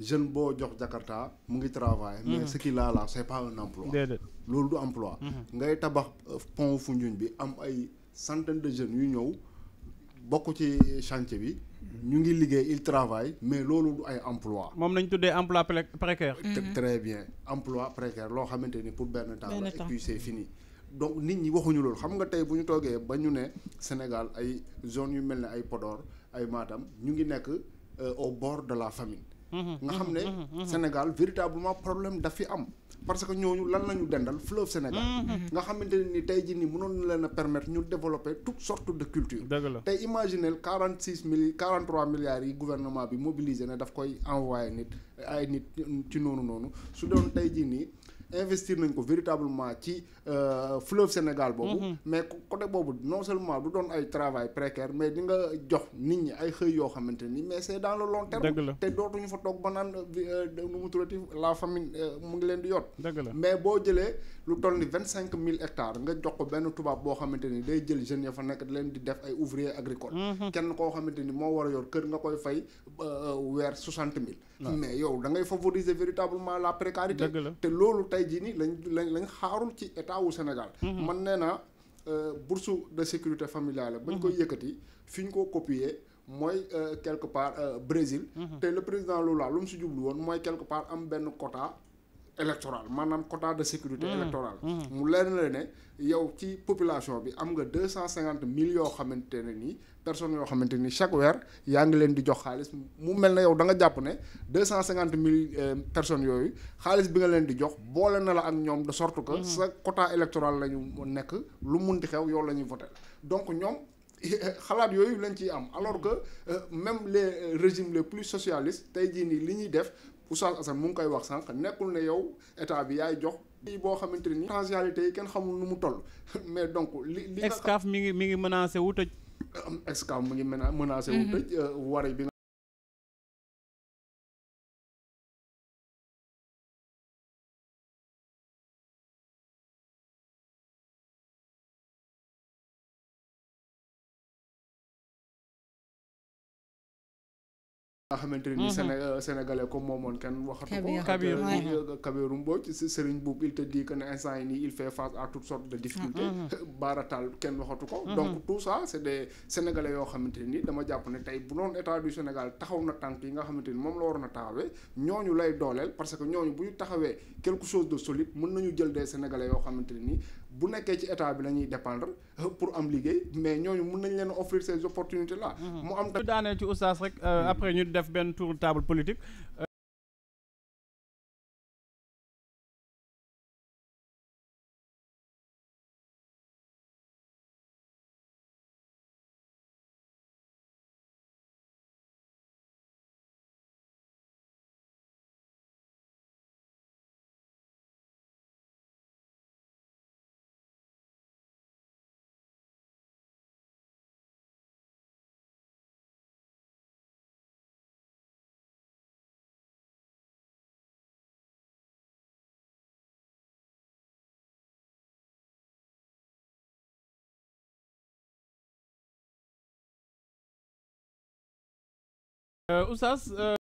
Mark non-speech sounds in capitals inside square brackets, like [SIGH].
jeune boo jox Jakarta mu ngi travail mhm. mais ce qu'il a là c'est pas un emploi loolu du emploi mhm. ngay tabax euh, pont Foundiougne bi am ay centaine de jeunes yu ñëw bokk ci chantier bi ñu ngi liggéey il travaille mais loolu du ay emploi moom lañ tuddee emploi précaire mhm. très bien emploi précaire loo xamante ni pour benn temps la et puis c'est fini donc nit ñi waxuñu loolu xam nga tey bu ñu toogee ba ñu ne Sénégal ay zone yu mel ne ay Podor ay maatam ñu ngi nekk euh, au bord de la famine Mm-hmm. nga xam ne mm-hmm. Mm-hmm. Sénégal véritablement problème daf fi am parce que ñooñu lan la ñu dendal fleuve Sénégal nga xamante ne ni tey ji nii mënoon leen a permettre ñu développer toutes sortes de cultures tey imaginel quarante six mille quarante trois milliards yi gouvernement bi mobilisé ne daf koy envoyé nit ay nit ci noonu noonu su doon tey jii nii investir nañ ko véritablement ci euh, fleuve Sénégal boobu. Mhm. mais côté boobu non seulement du doon ay travail précaire mais di nga jox nit ñi ay xëy yoo xamante ni mais c' est dans le long te dootuñu fa toog ba naan euh, nu mu turati la famille euh, mu ngi leen di yot. mais boo jëlee lu toll ni vingt cinq mille hectares nga jox ko benn tubaab boo xamante ni day jël jeune ya fa nekk leen di def ay ouvrier agricole. Mhm. kenn koo xamante ni moo war a yor kër nga koy fay weer soixante mille. mais yow da ngay favoriser véritablement la précarité. te loolu tey tey jii nii lañ lañ lañ xaarul ci état wu Sénégal. Mhm. man nee naa euh, bourse de sécurité familiale bañ mhm. koy yëkkati fi ñu ko copier. mooy euh, quelque part euh, Brésil. Mhm. te le président lu mu si jublu mooy quelque part am benn quota. électoral maanaam quota de sécurité hmm. électorale hmm. mu leer na ne yow ci population bi am nga deux cent cinquante mille yoo xamante ne nii personnes yoo xamante ni chaque weer yaa ngi leen di jox xaalis mu mel na yow da nga jàpp ne deux cent cinquante mille euh, personnes yooyu xaalis bi nga leen di jox boole na la ak ñoom de sorte que hmm. sa quota électoral la ñu nekk lu mun di xew yow la ñuy voté donc ñoom [LAUGHS] xalaat yooyu lañ ciy am alors que euh, même les euh, régimes les plus socialistes tey jii nii li ñuy def Oustaz Assane mu ngi koy wax sànq nekkul ne yow état bi yaay jox. yi boo xamante ni potentialité yi kenn xamul nu mu toll [LAUGHS] mais donc. li li mi ngi mi ngi menacé wu tëj. Excaf euh, mu ngi menacé wu mm-hmm. tëj. wari bi. nga xamante ne ni mhm. sénégalais comme moomoon kenn waxatu ko ak Kabirou Mbodj Serigne Boub il te dit que ne instant yi nii il fait face à toutes sortes de difficultés mhm. [LAUGHS] baarataal kenn waxatu ko mhm. donc tout ça c' est yoo xamante ne ni dama jàpp ne tey bu doon état du Sénégal taxaw na tànk yi nga xamante ni moom la waroon a taxawee ñooñu lay dooleel parce que ñooñu bu ñu taxawee quelque chose de solide mën nañu jël des sénégalais yoo xamante ne ni bu nekkee ci état bi lañuy ñuy dépendre euh, pour am liggéey mais ñooñu mun nañ leen offrir ces opportunités la mm-hmm. mu am daaneel ci oustaz rek euh, mm-hmm. après ñu def benn tour table politique. Euh, Oustaz